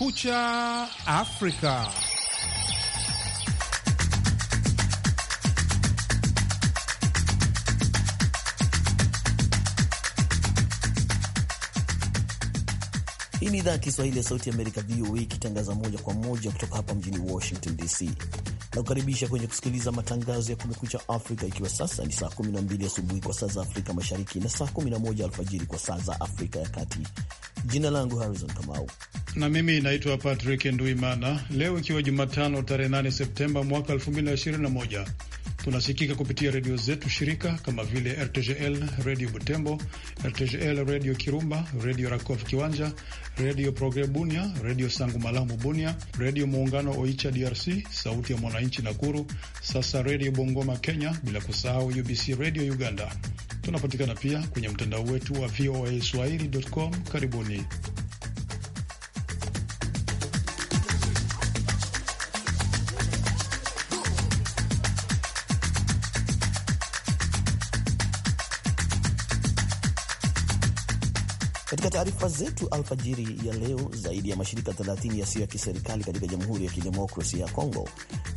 Kumekucha Afrika. Hii ni idhaa ya Kiswahili ya Sauti Amerika, VOA, ikitangaza moja kwa moja kutoka hapa mjini Washington DC na kukaribisha kwenye kusikiliza matangazo ya Kumekucha Afrika, ikiwa sasa ni saa 12 asubuhi kwa saa za Afrika Mashariki na saa 11 alfajiri kwa saa za Afrika ya Kati. Jina langu Harrison Kamau na mimi naitwa Patrick Nduimana. Leo ikiwa Jumatano tarehe 8 Septemba mwaka 2021 Tunasikika kupitia redio zetu shirika kama vile RTGL redio Butembo, RTGL redio Kirumba, redio Rakov Kiwanja, redio Progre Bunia, redio Sangu Malamu Bunia, redio Muungano Oicha DRC, sauti ya mwananchi Nakuru, sasa redio Bongoma Kenya, bila kusahau UBC redio Uganda. Tunapatikana pia kwenye mtandao wetu wa VOA Swahili.com. Karibuni. taarifa zetu alfajiri ya leo, zaidi ya mashirika 30 yasiyo ya kiserikali katika Jamhuri ya Kidemokrasia ya Kongo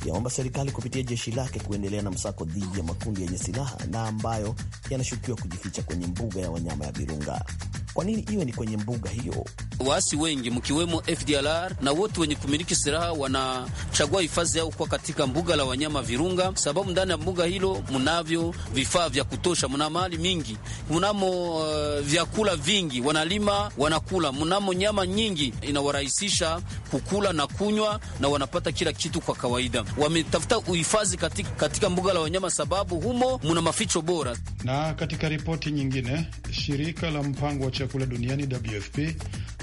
yaomba serikali kupitia jeshi lake kuendelea na msako dhidi ya makundi yenye silaha na ambayo yanashukiwa kujificha kwenye mbuga ya wanyama ya Virunga. Kwa nini iwe ni kwenye mbuga hiyo? Waasi wengi mkiwemo FDLR na wote wenye kumiliki silaha wanachagua hifadhi yao kuwa katika mbuga la wanyama Virunga, sababu ndani ya mbuga hilo mnavyo vifaa vya kutosha, mna mali mingi, mnamo uh, vyakula vingi, wanalima wanakula, mnamo nyama nyingi, inawarahisisha kukula na kunywa, na wanapata kila kitu kwa kawaida. Wametafuta uhifadhi katika, katika mbuga la wanyama sababu humo mna maficho bora. Na katika ripoti nyingine, shirika la mpango wa chakula duniani WFP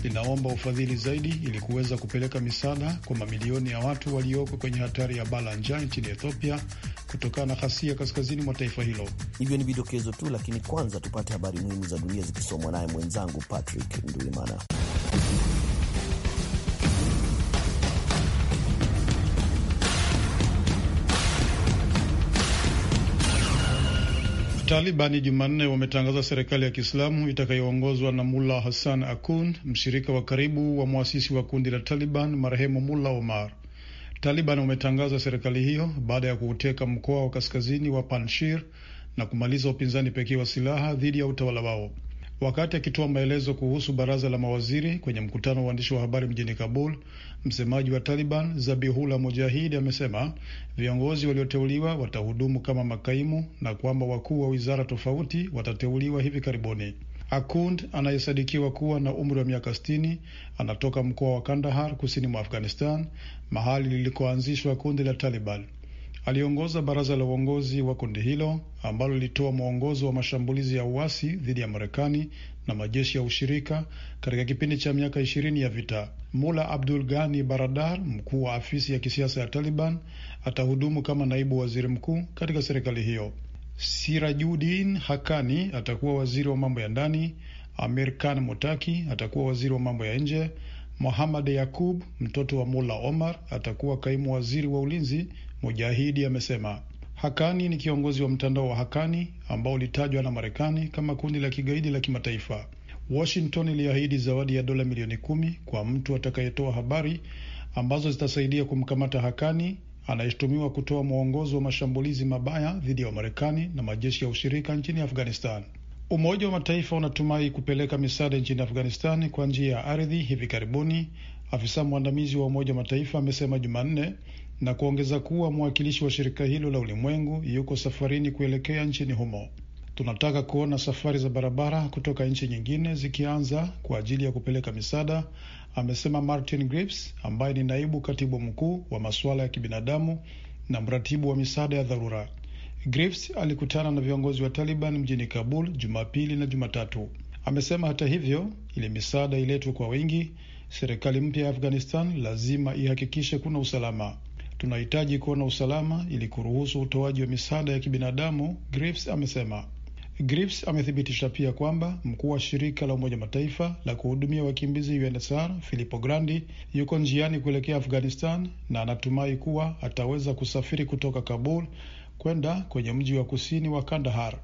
linaomba ufadhili zaidi ili kuweza kupeleka misaada kwa mamilioni ya watu walioko kwenye hatari ya bala njaa nchini Ethiopia kutokana na ghasia kaskazini mwa taifa hilo. Hivyo ni vidokezo tu, lakini kwanza tupate habari muhimu za dunia zikisomwa naye mwenzangu Patrick Nduimana. Talibani Jumanne wametangaza serikali ya Kiislamu itakayoongozwa na Mula Hassan Akun, mshirika wa karibu wa mwasisi wa kundi la Taliban marehemu Mula Omar. Taliban wametangaza serikali hiyo baada ya kuuteka mkoa wa kaskazini wa Panshir na kumaliza upinzani pekee wa silaha dhidi ya utawala wao. Wakati akitoa maelezo kuhusu baraza la mawaziri kwenye mkutano wa waandishi wa habari mjini Kabul, msemaji wa Taliban Zabihullah Mujahidi amesema viongozi walioteuliwa watahudumu kama makaimu na kwamba wakuu wa wizara tofauti watateuliwa hivi karibuni. Akund anayesadikiwa kuwa na umri wa miaka 60 anatoka mkoa wa Kandahar kusini mwa Afghanistan, mahali lilikoanzishwa kundi la Taliban aliongoza baraza la uongozi wa kundi hilo ambalo lilitoa mwongozo wa mashambulizi ya uasi dhidi ya Marekani na majeshi ya ushirika katika kipindi cha miaka ishirini ya vita. Mula Abdul Ghani Baradar, mkuu wa afisi ya kisiasa ya Taliban, atahudumu kama naibu waziri mkuu katika serikali hiyo. Sirajudin Hakani atakuwa waziri wa mambo ya ndani. Amir Khan Mutaki atakuwa waziri wa mambo ya nje. Mohamad Yakub, mtoto wa Mula Omar, atakuwa kaimu waziri wa ulinzi Mujahidi amesema Hakani ni kiongozi wa mtandao wa Hakani ambao ulitajwa na Marekani kama kundi la kigaidi la kimataifa. Washington iliahidi zawadi ya dola milioni kumi kwa mtu atakayetoa habari ambazo zitasaidia kumkamata Hakani anayeshutumiwa kutoa mwongozo wa mashambulizi mabaya dhidi ya Wamarekani na majeshi ya ushirika nchini Afghanistan. Umoja wa Mataifa unatumai kupeleka misaada nchini Afghanistani kwa njia ya ardhi hivi karibuni, afisa mwandamizi wa Umoja wa Mataifa amesema Jumanne, na kuongeza kuwa mwakilishi wa shirika hilo la ulimwengu yuko safarini kuelekea nchini humo. Tunataka kuona safari za barabara kutoka nchi nyingine zikianza kwa ajili ya kupeleka misaada, amesema Martin Grips ambaye ni naibu katibu mkuu wa masuala ya kibinadamu na mratibu wa misaada ya dharura. grips alikutana na viongozi wa Taliban mjini Kabul Jumapili na Jumatatu. Amesema hata hivyo, ili misaada iletwe kwa wingi, serikali mpya ya Afghanistan lazima ihakikishe kuna usalama tunahitaji kuwa na usalama ili kuruhusu utoaji wa misaada ya kibinadamu, Griffiths amesema. Griffiths amethibitisha pia kwamba mkuu wa shirika la Umoja Mataifa la kuhudumia wakimbizi UNHCR Filippo Grandi yuko njiani kuelekea Afghanistan na anatumai kuwa ataweza kusafiri kutoka Kabul kwenda kwenye mji wa kusini wa Kandahar.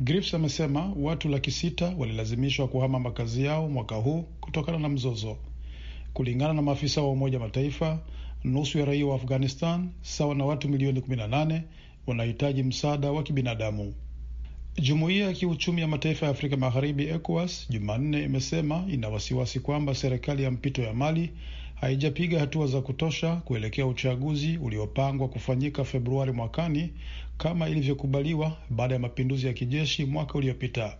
Griffiths amesema watu laki sita walilazimishwa kuhama makazi yao mwaka huu kutokana na mzozo. Kulingana na maafisa wa Umoja Mataifa, nusu ya raia wa Afghanistan sawa na watu milioni 18 wanahitaji msaada wa kibinadamu. Jumuiya ya kiuchumi ya mataifa ya Afrika Magharibi, ECOWAS, Jumanne imesema ina wasiwasi kwamba serikali ya mpito ya Mali haijapiga hatua za kutosha kuelekea uchaguzi uliopangwa kufanyika Februari mwakani kama ilivyokubaliwa baada ya mapinduzi ya kijeshi mwaka uliopita.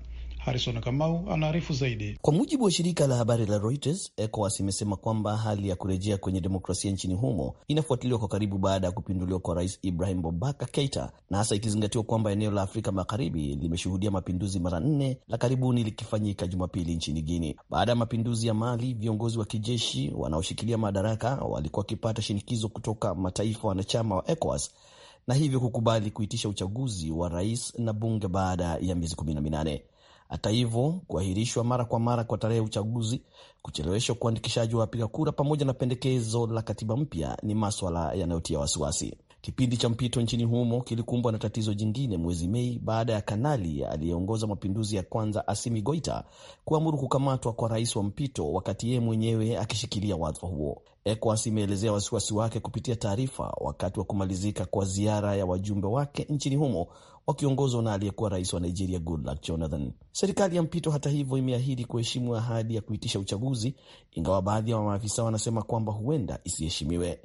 Harison Kamau anaarifu zaidi. Kwa mujibu wa shirika la habari la Reuters, ECOWAS imesema kwamba hali ya kurejea kwenye demokrasia nchini humo inafuatiliwa kwa karibu baada ya kupinduliwa kwa rais Ibrahim Boubacar Keita, na hasa ikizingatiwa kwamba eneo la Afrika Magharibi limeshuhudia mapinduzi mara nne la karibuni likifanyika Jumapili nchini Guini. Baada ya mapinduzi ya Mali, viongozi wa kijeshi wanaoshikilia madaraka walikuwa wakipata shinikizo kutoka mataifa wanachama wa ECOWAS na hivyo kukubali kuitisha uchaguzi wa rais na bunge baada ya miezi kumi na minane. Hata hivyo, kuahirishwa mara kwa mara kwa tarehe ya uchaguzi, kucheleweshwa kuandikishaji wa wapiga kura, pamoja na pendekezo la katiba mpya ni maswala yanayotia wasiwasi. Kipindi cha mpito nchini humo kilikumbwa na tatizo jingine mwezi Mei baada ya kanali aliyeongoza mapinduzi ya kwanza Asimi Goita kuamuru kukamatwa kwa rais wa mpito, wakati yeye mwenyewe akishikilia wadhifa huo. ECOWAS imeelezea wasiwasi wake kupitia taarifa wakati wa kumalizika kwa ziara ya wajumbe wake nchini humo wakiongozwa na aliyekuwa rais wa Nigeria Goodluck Jonathan. Serikali ya mpito hata hivyo imeahidi kuheshimu ahadi ya kuitisha uchaguzi, ingawa baadhi ya wa maafisa wanasema kwamba huenda isiheshimiwe.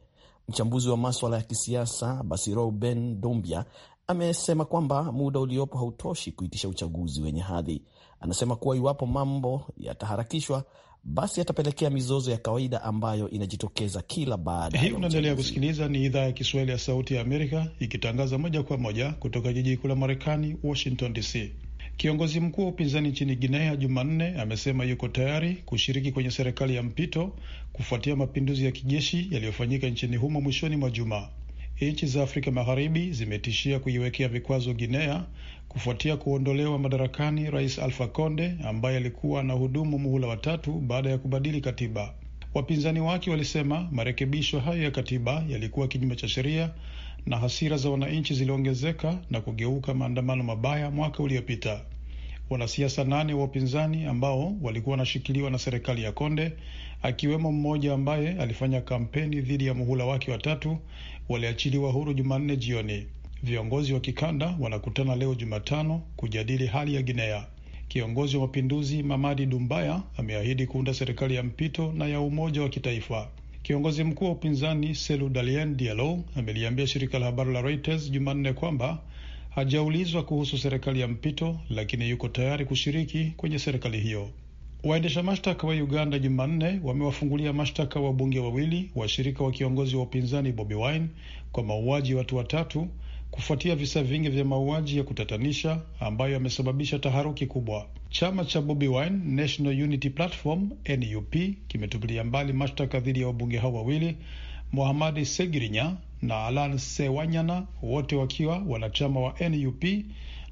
Mchambuzi wa maswala ya kisiasa Basirou Ben Dombia amesema kwamba muda uliopo hautoshi kuitisha uchaguzi wenye hadhi. Anasema kuwa iwapo mambo yataharakishwa basi yatapelekea mizozo ya kawaida ambayo inajitokeza kila baada. Hii unaendelea kusikiliza, ni idhaa ya Kiswahili ya Sauti ya Amerika ikitangaza moja kwa moja kutoka jiji kuu la Marekani, Washington DC. Kiongozi mkuu wa upinzani nchini Guinea Jumanne amesema yuko tayari kushiriki kwenye serikali ya mpito kufuatia mapinduzi ya kijeshi yaliyofanyika nchini humo mwishoni mwa juma. Nchi za Afrika Magharibi zimetishia kuiwekea vikwazo Guinea kufuatia kuondolewa madarakani Rais Alfa Konde ambaye alikuwa anahudumu muhula watatu baada ya kubadili katiba. Wapinzani wake walisema marekebisho hayo ya katiba yalikuwa kinyume cha sheria, na hasira za wananchi ziliongezeka na kugeuka maandamano mabaya mwaka uliopita. Wanasiasa nane wa upinzani ambao walikuwa wanashikiliwa na serikali ya Konde, akiwemo mmoja ambaye alifanya kampeni dhidi ya muhula wake watatu waliachiliwa huru Jumanne jioni. Viongozi wa kikanda wanakutana leo Jumatano kujadili hali ya Guinea. Kiongozi wa mapinduzi Mamadi Dumbaya ameahidi kuunda serikali ya mpito na ya umoja wa kitaifa. Kiongozi mkuu wa upinzani Selu Dalien Dialo ameliambia shirika la habari la Reuters Jumanne kwamba hajaulizwa kuhusu serikali ya mpito, lakini yuko tayari kushiriki kwenye serikali hiyo. Waendesha mashtaka wa Uganda Jumanne wamewafungulia mashtaka wabunge wawili washirika wa kiongozi wa upinzani Bobi Wine kwa mauaji watu watatu kufuatia visa vingi vya mauaji ya kutatanisha ambayo yamesababisha taharuki kubwa. Chama cha Bobi Wine National Unity Platform NUP kimetupilia mbali mashtaka dhidi ya wabunge hao wawili muhamadi Segirinya na Alan Sewanyana, wote wakiwa wanachama wa NUP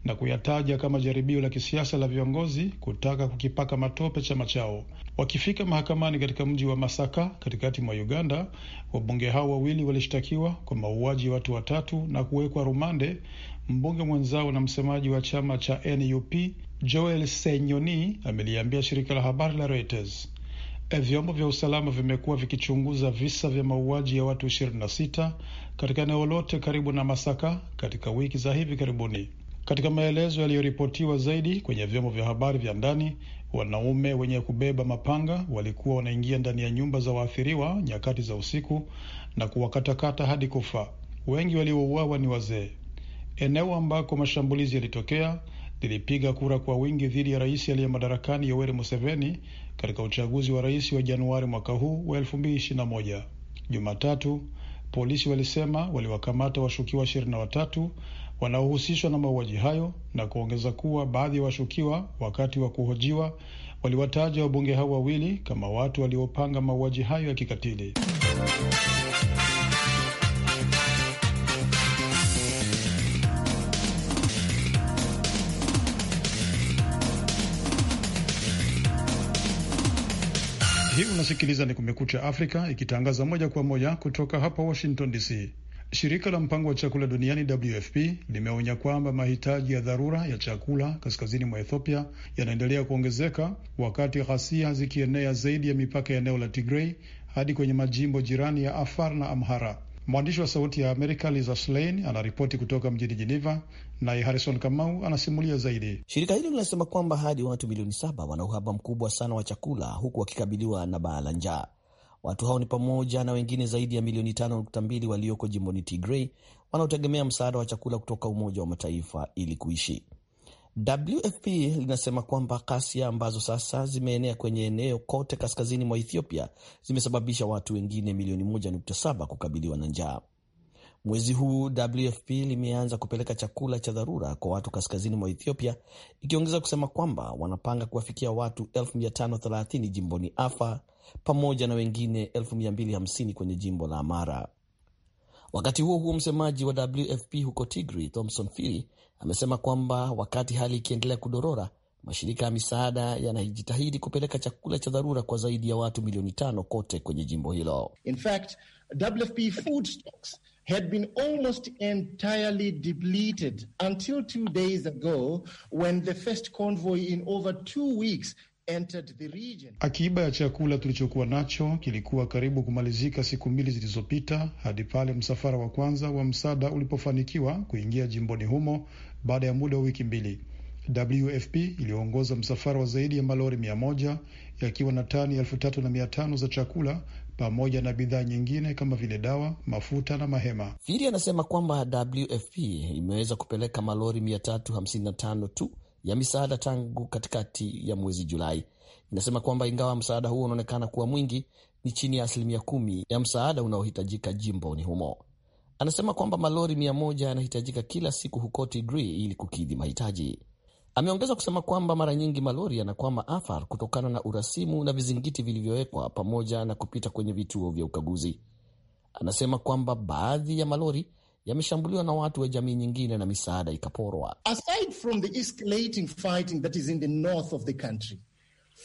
na kuyataja kama jaribio la kisiasa la viongozi kutaka kukipaka matope chama chao. Wakifika mahakamani katika mji wa Masaka katikati mwa Uganda, wabunge hao wawili walishtakiwa kwa mauaji ya watu watatu na kuwekwa rumande. Mbunge mwenzao na msemaji wa chama cha NUP Joel Senyoni ameliambia shirika la habari la Reuters. E, vyombo vya usalama vimekuwa vikichunguza visa vya mauaji ya watu 26 katika eneo lote karibu na Masaka katika wiki za hivi karibuni. Katika maelezo yaliyoripotiwa zaidi kwenye vyombo vya habari vya ndani, Wanaume wenye kubeba mapanga walikuwa wanaingia ndani ya nyumba za waathiriwa nyakati za usiku na kuwakatakata hadi kufa. Wengi waliouawa ni wazee. Eneo ambako mashambulizi yalitokea lilipiga kura kwa wingi dhidi ya rais aliye madarakani Yoweri Museveni katika uchaguzi wa rais wa Januari mwaka huu wa 2021. Jumatatu Polisi walisema waliwakamata washukiwa ishirini na watatu wanaohusishwa na mauaji hayo na kuongeza kuwa baadhi ya wa washukiwa wakati wa kuhojiwa waliwataja wabunge hao wawili kama watu waliopanga mauaji hayo ya kikatili. Hii unasikiliza ni Kumekucha Afrika ikitangaza moja kwa moja kutoka hapa Washington DC. Shirika la mpango wa chakula duniani WFP limeonya kwamba mahitaji ya dharura ya chakula kaskazini mwa Ethiopia yanaendelea kuongezeka wakati ghasia zikienea zaidi ya mipaka ya eneo la Tigrei hadi kwenye majimbo jirani ya Afar na Amhara. Mwandishi wa Sauti ya Amerika Lisa Schlein anaripoti kutoka mjini Jeneva, naye Harrison Kamau anasimulia zaidi. Shirika hilo linasema kwamba hadi watu milioni saba wana uhaba mkubwa sana wa chakula, huku wakikabiliwa na baa la njaa. Watu hao ni pamoja na wengine zaidi ya milioni 5.2 walioko jimboni Tigray wanaotegemea msaada wa chakula kutoka Umoja wa Mataifa ili kuishi. WFP linasema kwamba ghasia ambazo sasa zimeenea kwenye eneo kote kaskazini mwa Ethiopia zimesababisha watu wengine milioni 1.7 kukabiliwa na njaa. Mwezi huu WFP limeanza kupeleka chakula cha dharura kwa watu kaskazini mwa Ethiopia, ikiongeza kusema kwamba wanapanga kuwafikia watu 530 jimboni afa pamoja na wengine 250 kwenye jimbo la Amara. Wakati huo huo, msemaji wa WFP huko tigri thomson Fili, Amesema kwamba wakati hali ikiendelea kudorora, mashirika ya misaada yanajitahidi kupeleka chakula cha dharura kwa zaidi ya watu milioni tano kote kwenye jimbo hilo. In fact, WFP food stocks had been almost entirely depleted until two days ago when the first convoy in over two weeks Akiba ya chakula tulichokuwa nacho kilikuwa karibu kumalizika siku mbili zilizopita hadi pale msafara wa kwanza wa msaada ulipofanikiwa kuingia jimboni humo baada ya muda wa wiki mbili. WFP iliyoongoza msafara wa zaidi ya malori mia moja yakiwa na tani elfu tatu na mia tano za chakula pamoja na bidhaa nyingine kama vile dawa, mafuta na mahema. Firi anasema kwamba WFP imeweza kupeleka malori 355 tu ya misaada tangu katikati ya mwezi Julai. Inasema kwamba ingawa msaada huo unaonekana kuwa mwingi, ni chini ya asilimia kumi ya msaada unaohitajika jimboni humo. Anasema kwamba malori mia moja yanahitajika kila siku huko Tigray ili kukidhi mahitaji. Ameongeza kusema kwamba mara nyingi malori yanakwama Afar kutokana na urasimu na vizingiti vilivyowekwa pamoja na kupita kwenye vituo vya ukaguzi. Anasema kwamba baadhi ya malori yameshambuliwa na watu wa jamii nyingine na misaada ikaporwa. Aside from the escalating fighting that is in the north of the country,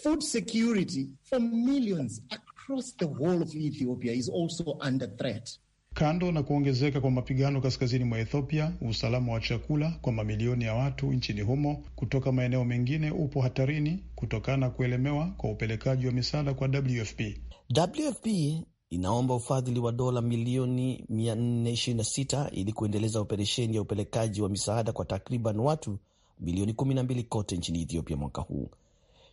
food security for millions across the whole of Ethiopia is also under threat. Kando na kuongezeka kwa mapigano kaskazini mwa Ethiopia, usalama wa chakula kwa mamilioni ya watu nchini humo kutoka maeneo mengine upo hatarini kutokana na kuelemewa kwa upelekaji wa misaada kwa WFP. WFP inaomba ufadhili wa dola milioni 426 ili kuendeleza operesheni ya upelekaji wa misaada kwa takriban watu milioni 12 kote nchini Ethiopia mwaka huu.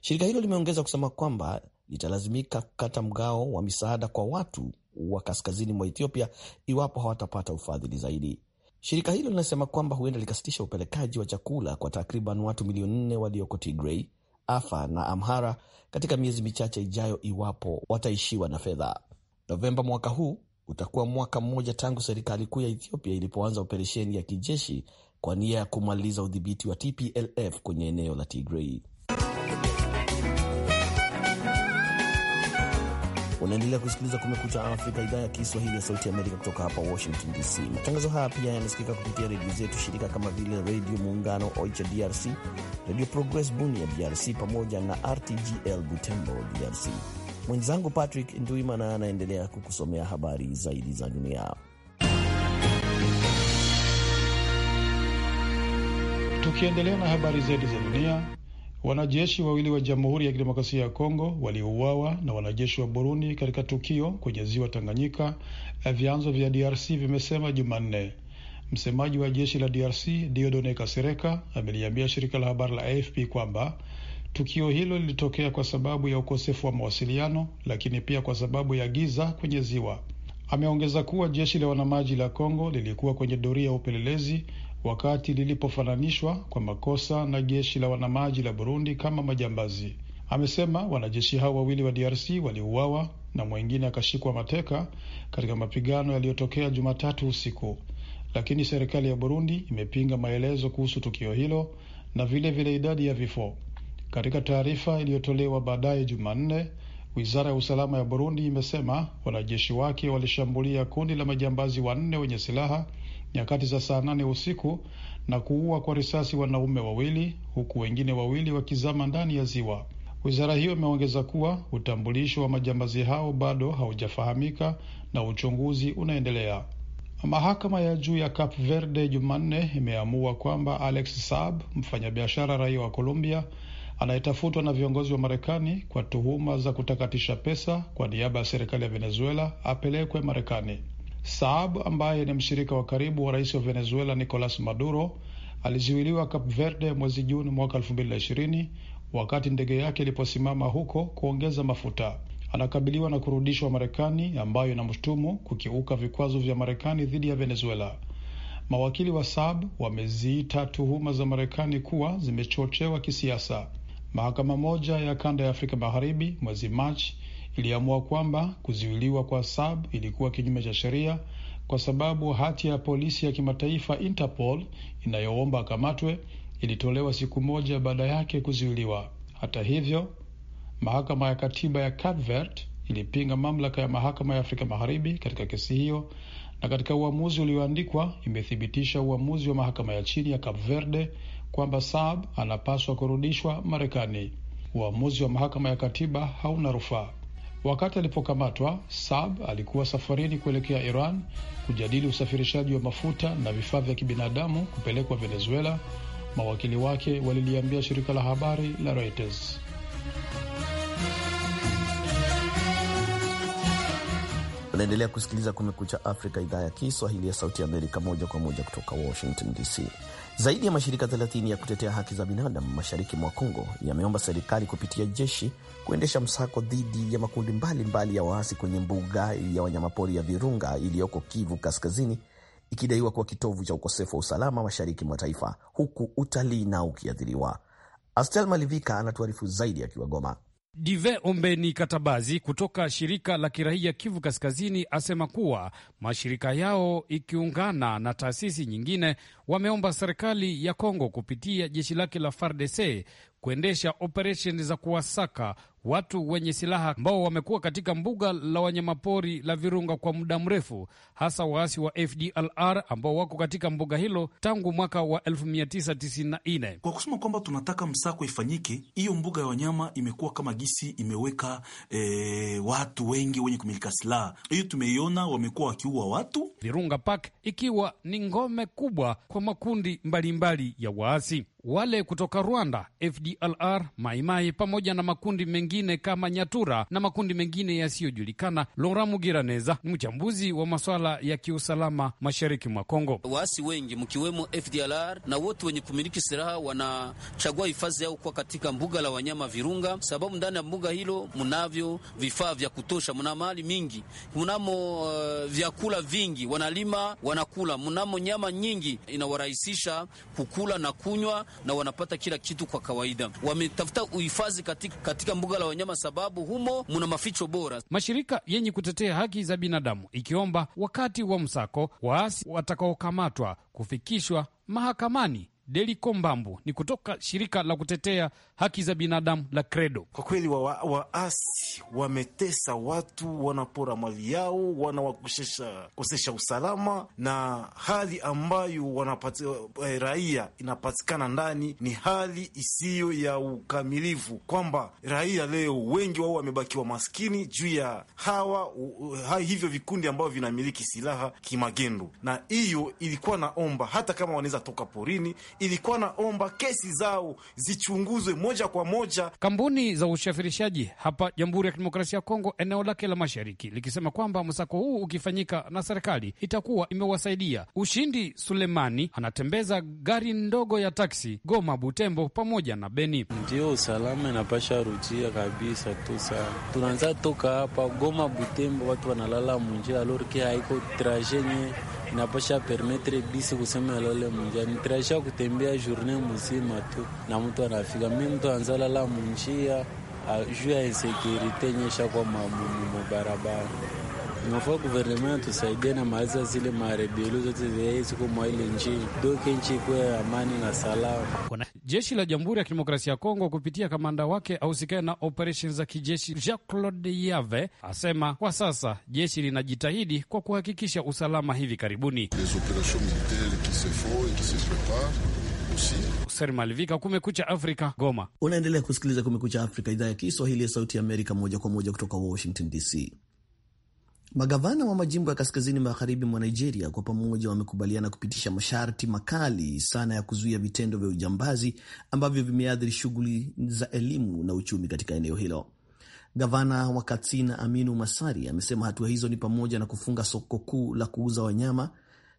Shirika hilo limeongeza kusema kwamba litalazimika kukata mgao wa misaada kwa watu wa kaskazini mwa Ethiopia iwapo hawatapata ufadhili zaidi. Shirika hilo linasema kwamba huenda likasitisha upelekaji wa chakula kwa takriban watu milioni nne walioko Tigrei, Afa na Amhara katika miezi michache ijayo iwapo wataishiwa na fedha. Novemba mwaka huu utakuwa mwaka mmoja tangu serikali kuu ya Ethiopia ilipoanza operesheni ya kijeshi kwa nia ya kumaliza udhibiti wa TPLF kwenye eneo la Tigrei. Unaendelea kusikiliza Kumekucha Afrika, idhaa ya Kiswahili ya Sauti Amerika kutoka hapa Washington DC. Matangazo haya pia yanasikika kupitia redio zetu shirika kama vile Redio Muungano Oicha DRC, Redio Progress Buni ya DRC pamoja na RTGL Butembo DRC. Mwenzangu Patrick Nduimana anaendelea kukusomea habari zaidi za dunia. Tukiendelea na habari zaidi za dunia, wanajeshi wawili wa Jamhuri ya Kidemokrasia ya Kongo waliouawa na wanajeshi wa Burundi katika tukio kwenye ziwa Tanganyika, vyanzo vya DRC vimesema Jumanne. Msemaji wa jeshi la DRC Diodone Kasereka ameliambia shirika la habari la AFP kwamba Tukio hilo lilitokea kwa sababu ya ukosefu wa mawasiliano, lakini pia kwa sababu ya giza kwenye ziwa. Ameongeza kuwa jeshi la wanamaji la Kongo lilikuwa kwenye doria ya upelelezi wakati lilipofananishwa kwa makosa na jeshi la wanamaji la Burundi kama majambazi. Amesema wanajeshi hao wawili wa DRC waliuawa na mwengine akashikwa mateka katika mapigano yaliyotokea Jumatatu usiku, lakini serikali ya Burundi imepinga maelezo kuhusu tukio hilo na vilevile vile idadi ya vifo. Katika taarifa iliyotolewa baadaye Jumanne, wizara ya usalama ya Burundi imesema wanajeshi wake walishambulia kundi la majambazi wanne wenye silaha nyakati za saa nane usiku na kuua kwa risasi wanaume wawili huku wengine wawili wakizama ndani ya ziwa. Wizara hiyo imeongeza kuwa utambulisho wa majambazi hao bado haujafahamika na uchunguzi unaendelea. Mahakama ya juu ya Cape Verde Jumanne imeamua kwamba Alex Saab, mfanyabiashara raia wa Colombia anayetafutwa na viongozi wa Marekani kwa tuhuma za kutakatisha pesa kwa niaba ya serikali ya Venezuela apelekwe Marekani. Saab ambaye ni mshirika wa karibu wa rais wa Venezuela Nicolas Maduro alizuiliwa Cape Verde mwezi Juni mwaka 2020 wakati ndege yake iliposimama huko kuongeza mafuta anakabiliwa na kurudishwa Marekani, ambayo inamshutumu kukiuka vikwazo vya Marekani dhidi ya Venezuela. Mawakili wa Saab wameziita tuhuma za Marekani kuwa zimechochewa kisiasa. Mahakama moja ya kanda ya Afrika Magharibi mwezi Machi iliamua kwamba kuzuiliwa kwa Saab ilikuwa kinyume cha sheria kwa sababu hati ya polisi ya kimataifa Interpol inayoomba akamatwe ilitolewa siku moja baada yake kuzuiliwa. Hata hivyo, Mahakama ya katiba ya Cape Verde ilipinga mamlaka ya mahakama ya Afrika Magharibi katika kesi hiyo, na katika uamuzi ulioandikwa imethibitisha uamuzi wa mahakama ya chini ya Cape Verde kwamba Saab anapaswa kurudishwa Marekani. Uamuzi wa mahakama ya katiba hauna rufaa. Wakati alipokamatwa, Saab alikuwa safarini kuelekea Iran kujadili usafirishaji wa mafuta na vifaa vya kibinadamu kupelekwa Venezuela, mawakili wake waliliambia shirika la habari la Reuters. Unaendelea kusikiliza Kumekucha Afrika, idhaa ya Kiswahili ya Sauti Amerika, moja kwa moja kutoka Washington DC. Zaidi ya mashirika 30 ya kutetea haki za binadamu mashariki mwa Kongo yameomba serikali kupitia jeshi kuendesha msako dhidi ya makundi mbalimbali mbali ya waasi kwenye mbuga ya wanyamapori ya Virunga iliyoko Kivu Kaskazini, ikidaiwa kuwa kitovu cha ukosefu wa usalama mashariki mwa taifa, huku utalii nao ukiathiriwa. Astel Malivika anatuarifu zaidi akiwa Goma. Dive Ombeni Katabazi kutoka shirika la kiraia Kivu Kaskazini asema kuwa mashirika yao ikiungana na taasisi nyingine wameomba serikali ya Kongo kupitia jeshi lake la FARDC kuendesha operesheni za kuwasaka watu wenye silaha ambao wamekuwa katika mbuga la wanyamapori la Virunga kwa muda mrefu, hasa waasi wa FDLR ambao wako katika mbuga hilo tangu mwaka wa 1994. Kwa kusema kwamba tunataka msako ifanyike, hiyo mbuga ya wanyama imekuwa kama gisi imeweka e, watu wengi wenye kumilika silaha. Hiyo tumeiona, wamekuwa wakiua watu. Virunga Park ikiwa ni ngome kubwa kwa makundi mbalimbali mbali ya waasi wale kutoka Rwanda, FDLR, Maimai pamoja na makundi mengi mengine kama Nyatura na makundi mengine yasiyojulikana. Lora Mugiraneza ni mchambuzi wa masuala ya kiusalama mashariki mwa Kongo. Waasi wengi mkiwemo FDLR na wote wenye kumiliki silaha wanachagua hifadhi yao kuwa katika mbuga la wanyama Virunga, sababu ndani ya mbuga hilo mnavyo vifaa vya kutosha, mna mali mingi, mnamo uh, vyakula vingi, wanalima wanakula, mnamo nyama nyingi, inawarahisisha kukula na kunywa, na wanapata kila kitu kwa kawaida. Wametafuta uhifadhi katika, katika mbuga la wanyama, sababu humo muna maficho bora. Mashirika yenye kutetea haki za binadamu ikiomba wakati wa msako waasi watakaokamatwa kufikishwa mahakamani Deliko Mbambo ni kutoka shirika la kutetea haki za binadamu la Credo. Kwa kweli waasi wa wametesa watu, wanapora mali yao, wanawakosesha usalama, na hali ambayo wanapata eh, raia inapatikana ndani ni hali isiyo ya ukamilifu, kwamba raia leo wengi wao wamebakiwa maskini juu ya hawa uh, uh, hivyo vikundi ambavyo vinamiliki silaha kimagendo, na hiyo ilikuwa naomba hata kama wanaweza toka porini ilikuwa naomba kesi zao zichunguzwe moja kwa moja. Kampuni za usafirishaji hapa Jamhuri ya Kidemokrasia ya Kongo eneo lake la mashariki likisema kwamba msako huu ukifanyika na serikali itakuwa imewasaidia. Ushindi Sulemani anatembeza gari ndogo ya taksi Goma, Butembo pamoja na Beni. Ndio usalama inapasha rujia kabisa tu sana, tunaanza toka hapa Goma, Butembo, watu wanalala munjia, alorike haiko trajenye inaposha permetre bisi kusema lole munjia nitrasha kutembea journée muzima tu, na mtu anafika mi mtu anzalala munjia juu ya insekurite nyesha kwa mabumu mubarabara Inafaa guvernema tusaidie na maaliza zile marebiulu zote ziko mwa ile nchi doke nchi kuwe amani na salama. Kuna Jeshi la Jamhuri ya Kidemokrasia ya Kongo kupitia kamanda wake ahusikae na operesheni za kijeshi Jean Claude Yave asema kwa sasa jeshi linajitahidi kwa kuhakikisha usalama hivi karibuni. Malivika, Kumekucha Afrika, Goma. Unaendelea kusikiliza Kumekucha Afrika, idhaa ya Kiswahili ya Sauti ya Amerika, moja kwa moja kutoka Washington DC. Magavana wa majimbo ya kaskazini magharibi mwa Nigeria kwa pamoja wamekubaliana kupitisha masharti makali sana ya kuzuia vitendo vya ujambazi ambavyo vimeathiri shughuli za elimu na uchumi katika eneo hilo. Gavana wa Katsina Aminu Masari amesema hatua hizo ni pamoja na kufunga soko kuu la kuuza wanyama,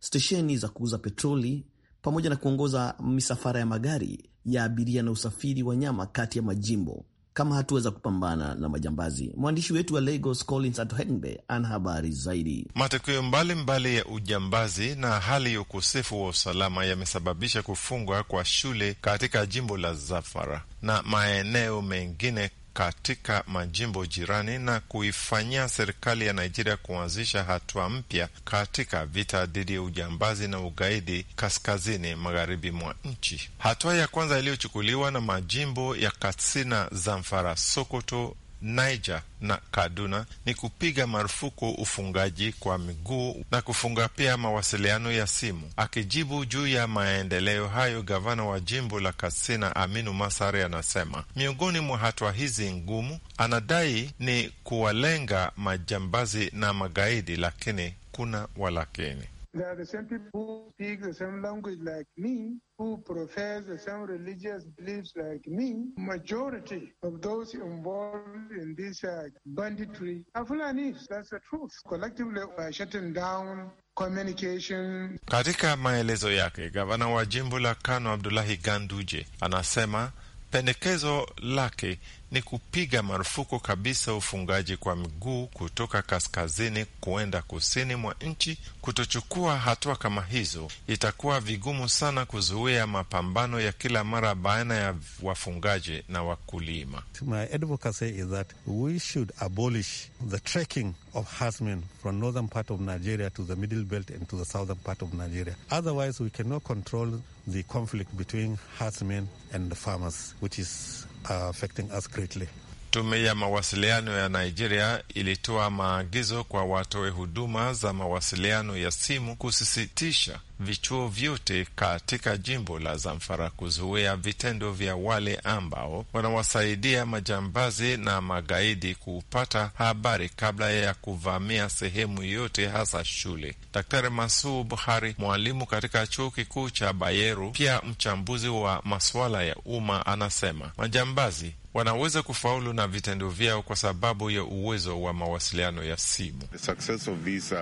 stesheni za kuuza petroli, pamoja na kuongoza misafara ya magari ya abiria na usafiri wa nyama kati ya majimbo kama hatua za kupambana na majambazi. Mwandishi wetu wa Lagos, Collins Atohenbe, ana habari zaidi. Matukio mbalimbali ya ujambazi na hali ya ukosefu wa usalama yamesababisha kufungwa kwa shule katika jimbo la zafara na maeneo mengine katika majimbo jirani na kuifanyia serikali ya Nigeria kuanzisha hatua mpya katika vita dhidi ya ujambazi na ugaidi kaskazini magharibi mwa nchi. Hatua ya kwanza iliyochukuliwa na majimbo ya Katsina, Zamfara, Sokoto Niger na Kaduna ni kupiga marufuku ufungaji kwa miguu na kufunga pia mawasiliano ya simu. Akijibu juu ya maendeleo hayo, gavana wa jimbo la Katsina Aminu Masare anasema miongoni mwa hatua hizi ngumu, anadai ni kuwalenga majambazi na magaidi, lakini kuna walakini. There are the same people who speak the same language like me, who profess the same religious beliefs like me. Majority of those involved in this uh, banditry are Fulanis. That's the truth. Collectively, are shutting down communication. Katika maelezo yake, gavana wa jimbo la Kano Abdullahi Ganduje anasema pendekezo lake ni kupiga marufuku kabisa ufungaji kwa miguu kutoka kaskazini kuenda kusini mwa nchi. Kutochukua hatua kama hizo, itakuwa vigumu sana kuzuia mapambano ya kila mara baina ya wafungaji na wakulima. My advocacy is that we should abolish the trekking of herdsmen from northern part of Nigeria to the middle belt and to the southern part of Nigeria. Otherwise we cannot control the conflict between herdsmen and the farmers, which is affecting us greatly. Tume ya mawasiliano ya Nigeria ilitoa maagizo kwa watoe huduma za mawasiliano ya simu kusisitisha vichuo vyote katika jimbo la Zamfara kuzuia vitendo vya wale ambao wanawasaidia majambazi na magaidi kupata habari kabla ya kuvamia sehemu yote, hasa shule. Daktari Masuu Buhari, mwalimu katika chuo kikuu cha Bayeru, pia mchambuzi wa masuala ya umma, anasema majambazi wanaweza kufaulu na vitendo vyao kwa sababu ya uwezo wa mawasiliano ya simu. The success of these, uh,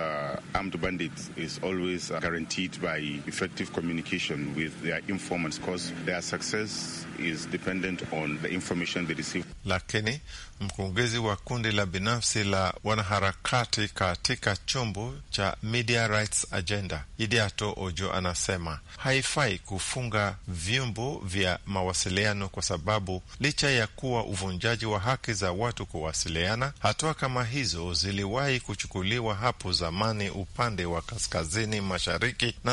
armed bandits is always uh, guaranteed by effective communication with their informants because their success is dependent on the information they receive. Lakini mkurugenzi wa kundi la binafsi la wanaharakati katika chombo cha Media Rights Agenda Idiato Ojo anasema haifai kufunga vyombo vya mawasiliano kwa sababu licha ya kuwa uvunjaji wa haki za watu kuwasiliana, hatua kama hizo ziliwahi kuchukuliwa hapo zamani upande wa kaskazini mashariki na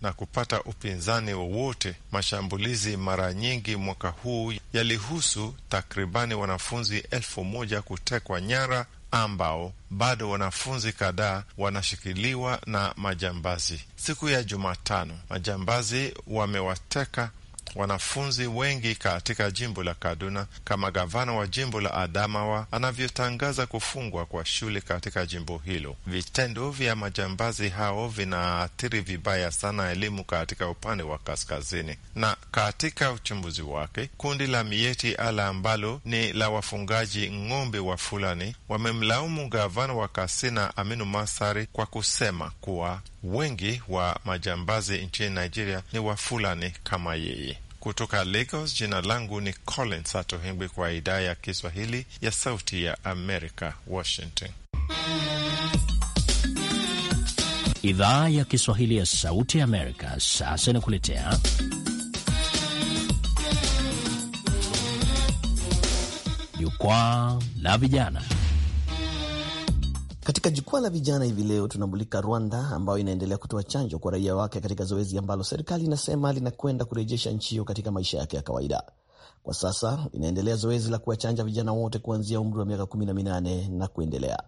na kupata upinzani wowote. Mashambulizi mara nyingi mwaka huu yalihusu takribani wanafunzi elfu moja kutekwa nyara, ambao bado wanafunzi kadhaa wanashikiliwa na majambazi. Siku ya Jumatano majambazi wamewateka wanafunzi wengi katika jimbo la Kaduna, kama gavana wa jimbo la Adamawa anavyotangaza kufungwa kwa shule katika jimbo hilo. Vitendo vya majambazi hao vinaathiri vibaya sana elimu katika upande wa kaskazini. Na katika uchambuzi wake, kundi la Mieti Ala ambalo ni la wafungaji ng'ombe wa Fulani wamemlaumu gavana wa Kasina Aminu Masari kwa kusema kuwa Wengi wa majambazi nchini Nigeria ni Wafulani kama yeye. Kutoka Lagos, jina langu ni Colin Satohimbi kwa idhaa ya Kiswahili ya Sauti ya Amerika, Washington. Idhaa ya Kiswahili ya Sauti ya Amerika sasa inakuletea jukwaa la vijana. Katika jukwaa la vijana hivi leo tunamulika Rwanda ambayo inaendelea kutoa chanjo kwa raia wake katika zoezi ambalo serikali inasema linakwenda kurejesha nchi hiyo katika maisha yake ya kawaida. Kwa sasa inaendelea zoezi la kuwachanja vijana wote kuanzia umri wa miaka 18 na kuendelea.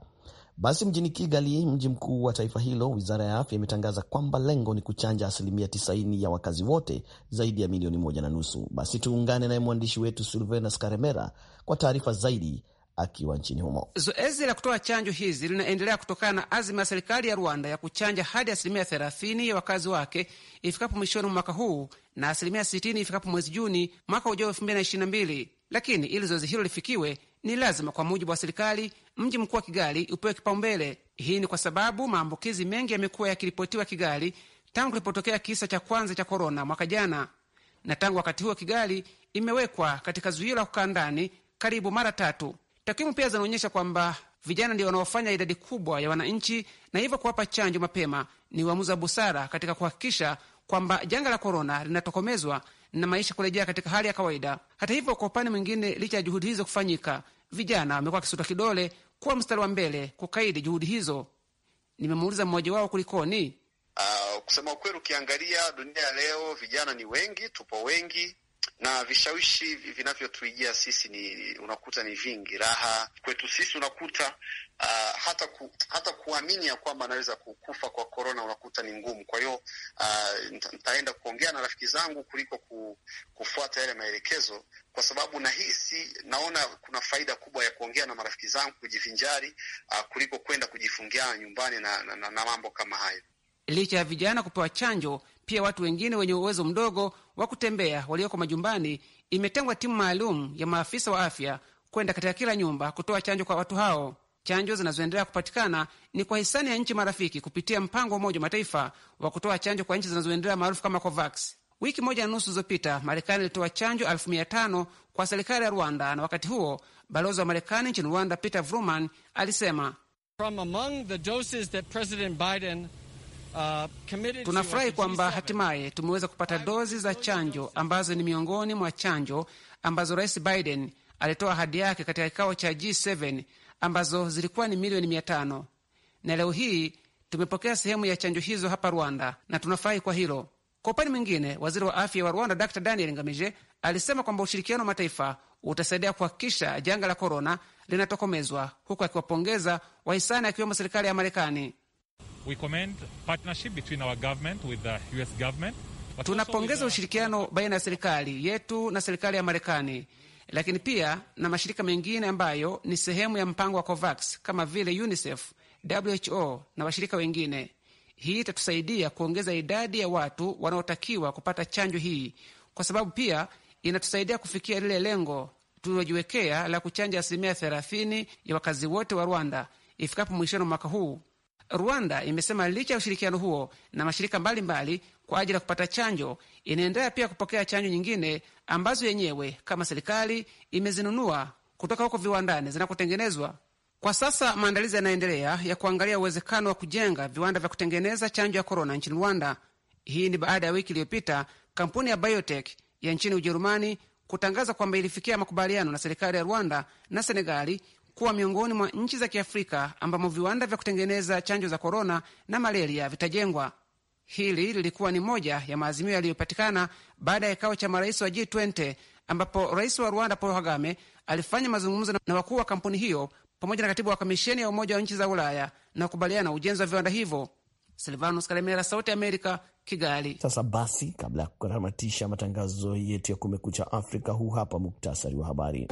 Basi mjini Kigali, mji mkuu wa taifa hilo, wizara ya afya imetangaza kwamba lengo ni kuchanja asilimia 90 ya wakazi wote zaidi ya milioni moja na nusu. Basi tuungane naye mwandishi wetu Silvenas Karemera kwa taarifa zaidi akiwa nchini humo. Zoezi la kutoa chanjo hizi linaendelea kutokana na azima ya serikali ya Rwanda ya kuchanja hadi asilimia thelathini ya wakazi wake ifikapo mwishoni mwa mwaka huu na asilimia sitini ifikapo mwezi Juni mwaka ujao mbili. Lakini ili zoezi hilo lifikiwe, ni lazima kwa mujibu wa serikali, mji mkuu wa Kigali upewe kipaumbele. Hii ni kwa sababu maambukizi mengi yamekuwa yakiripotiwa Kigali tangu kulipotokea kisa cha kwanza cha korona mwaka jana, na tangu wakati huo Kigali imewekwa katika zuio la kukaa ndani karibu mara tatu Takwimu pia zinaonyesha kwamba vijana ndio wanaofanya idadi kubwa ya wananchi, na hivyo kuwapa chanjo mapema ni uamuzi wa busara katika kuhakikisha kwamba janga la korona linatokomezwa na maisha kurejea katika hali ya kawaida. Hata hivyo, kwa upande mwingine, licha ya juhudi hizo kufanyika, vijana wamekuwa wakisuta kidole kuwa mstari wa mbele kukaidi juhudi hizo. Nimemuuliza mmoja wao kulikoni. Uh, kusema ukweli, ukiangalia dunia ya leo, vijana ni wengi, tupo wengi na vishawishi vinavyotuijia sisi ni unakuta ni vingi. Raha kwetu sisi unakuta uh, hata ku, hata kuamini ya kwamba anaweza kukufa kwa korona unakuta ni ngumu. Kwa hiyo uh, ah, nitaenda kuongea na rafiki zangu kuliko ku, kufuata yale maelekezo, kwa sababu nahisi naona kuna faida kubwa ya kuongea na marafiki zangu, kujivinjari uh, kuliko kwenda kujifungiana nyumbani na, na, na, na mambo kama hayo. Licha ya vijana kupewa chanjo pia watu wengine wenye uwezo mdogo wa kutembea walioko majumbani, imetengwa timu maalum ya maafisa wa afya kwenda katika kila nyumba kutoa chanjo kwa watu hao. Chanjo zinazoendelea kupatikana ni kwa hisani ya nchi marafiki kupitia mpango wa Umoja wa Mataifa wa kutoa chanjo kwa nchi zinazoendelea maarufu kama COVAX. Wiki moja na nusu zilizopita Marekani ilitoa chanjo elfu mia tano kwa serikali ya Rwanda, na wakati huo balozi wa Marekani nchini Rwanda Peter Vruman alisema From among the doses that President Biden Uh, tunafurahi kwamba hatimaye tumeweza kupata dozi za chanjo ambazo ni miongoni mwa chanjo ambazo Rais Biden alitoa ahadi yake katika kikao cha G7 ambazo zilikuwa ni milioni mia tano na leo hii tumepokea sehemu ya chanjo hizo hapa Rwanda na tunafurahi kwa hilo. Kwa upande mwingine, waziri wa afya wa Rwanda Dr Daniel Ngamije alisema kwamba ushirikiano wa mataifa utasaidia kuhakikisha janga la korona linatokomezwa, huku akiwapongeza wahisani akiwemo serikali ya Marekani. Tunapongeza ushirikiano baina ya serikali yetu na serikali ya Marekani, lakini pia na mashirika mengine ambayo ni sehemu ya mpango wa COVAX kama vile UNICEF, WHO na washirika wengine. Hii itatusaidia kuongeza idadi ya watu wanaotakiwa kupata chanjo hii, kwa sababu pia inatusaidia kufikia lile lengo tulilojiwekea la kuchanja asilimia 30 ya wakazi wote wa Rwanda ifikapo mwishoni mwa mwaka huu. Rwanda imesema licha ya ushirikiano huo na mashirika mbalimbali mbali kwa ajili ya kupata chanjo, inaendelea pia kupokea chanjo nyingine ambazo yenyewe kama serikali imezinunua kutoka huko viwandani zinakotengenezwa. Kwa sasa maandalizi yanaendelea ya kuangalia uwezekano wa kujenga viwanda vya kutengeneza chanjo ya korona nchini Rwanda. Hii ni baada ya wiki iliyopita kampuni ya Biotech ya nchini Ujerumani kutangaza kwamba ilifikia makubaliano na serikali ya Rwanda na Senegali kuwa miongoni mwa nchi za Kiafrika ambamo viwanda vya kutengeneza chanjo za korona na malaria vitajengwa. Hili lilikuwa ni moja ya maazimio yaliyopatikana baada ya kikao cha marais wa G20 ambapo rais wa Rwanda Paul Kagame alifanya mazungumzo na wakuu wa kampuni hiyo pamoja na katibu wa kamisheni ya Umoja wa Nchi za Ulaya na kukubaliana na ujenzi wa viwanda hivyo. Silvanus Kalemera, Sauti ya Amerika, Kigali. Sasa basi, kabla ya kukamatisha matangazo yetu ya Kumekucha Afrika, huu hapa muktasari wa habari.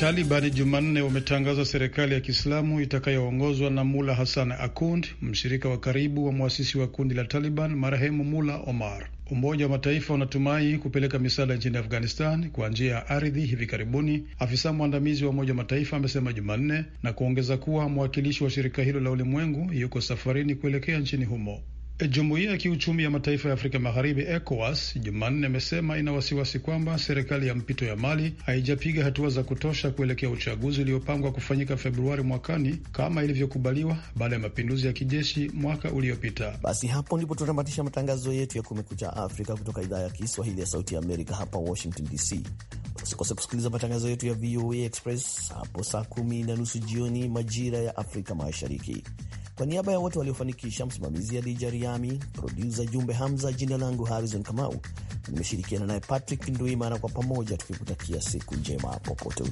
Talibani Jumanne wametangaza serikali ya Kiislamu itakayoongozwa na Mula Hassan Akund, mshirika wa karibu wa mwasisi wa kundi la Taliban marehemu Mula Omar. Umoja wa Mataifa unatumai kupeleka misaada nchini Afghanistan kwa njia ya ardhi hivi karibuni, afisa mwandamizi wa Umoja wa Mataifa amesema Jumanne na kuongeza kuwa mwakilishi wa shirika hilo la ulimwengu yuko safarini kuelekea nchini humo. Jumuiya ya kiuchumi ya mataifa ya Afrika Magharibi, ECOWAS, Jumanne imesema ina wasiwasi kwamba serikali ya mpito ya Mali haijapiga hatua za kutosha kuelekea uchaguzi uliopangwa kufanyika Februari mwakani kama ilivyokubaliwa baada ya mapinduzi ya kijeshi mwaka uliopita. Basi hapo ndipo tunatamatisha matangazo yetu ya Kumekucha Afrika kutoka idhaa ya Kiswahili ya Sauti ya Amerika hapa Washington DC. Usikose kusikiliza matangazo yetu ya VOA Express hapo saa kumi na nusu jioni majira ya Afrika Mashariki. Kwa niaba ya wote waliofanikisha, msimamizi Adija Riami, produsa Jumbe Hamza, jina langu Harrison Kamau, nimeshirikiana naye Patrick Ndwimana, kwa pamoja tukikutakia siku njema popote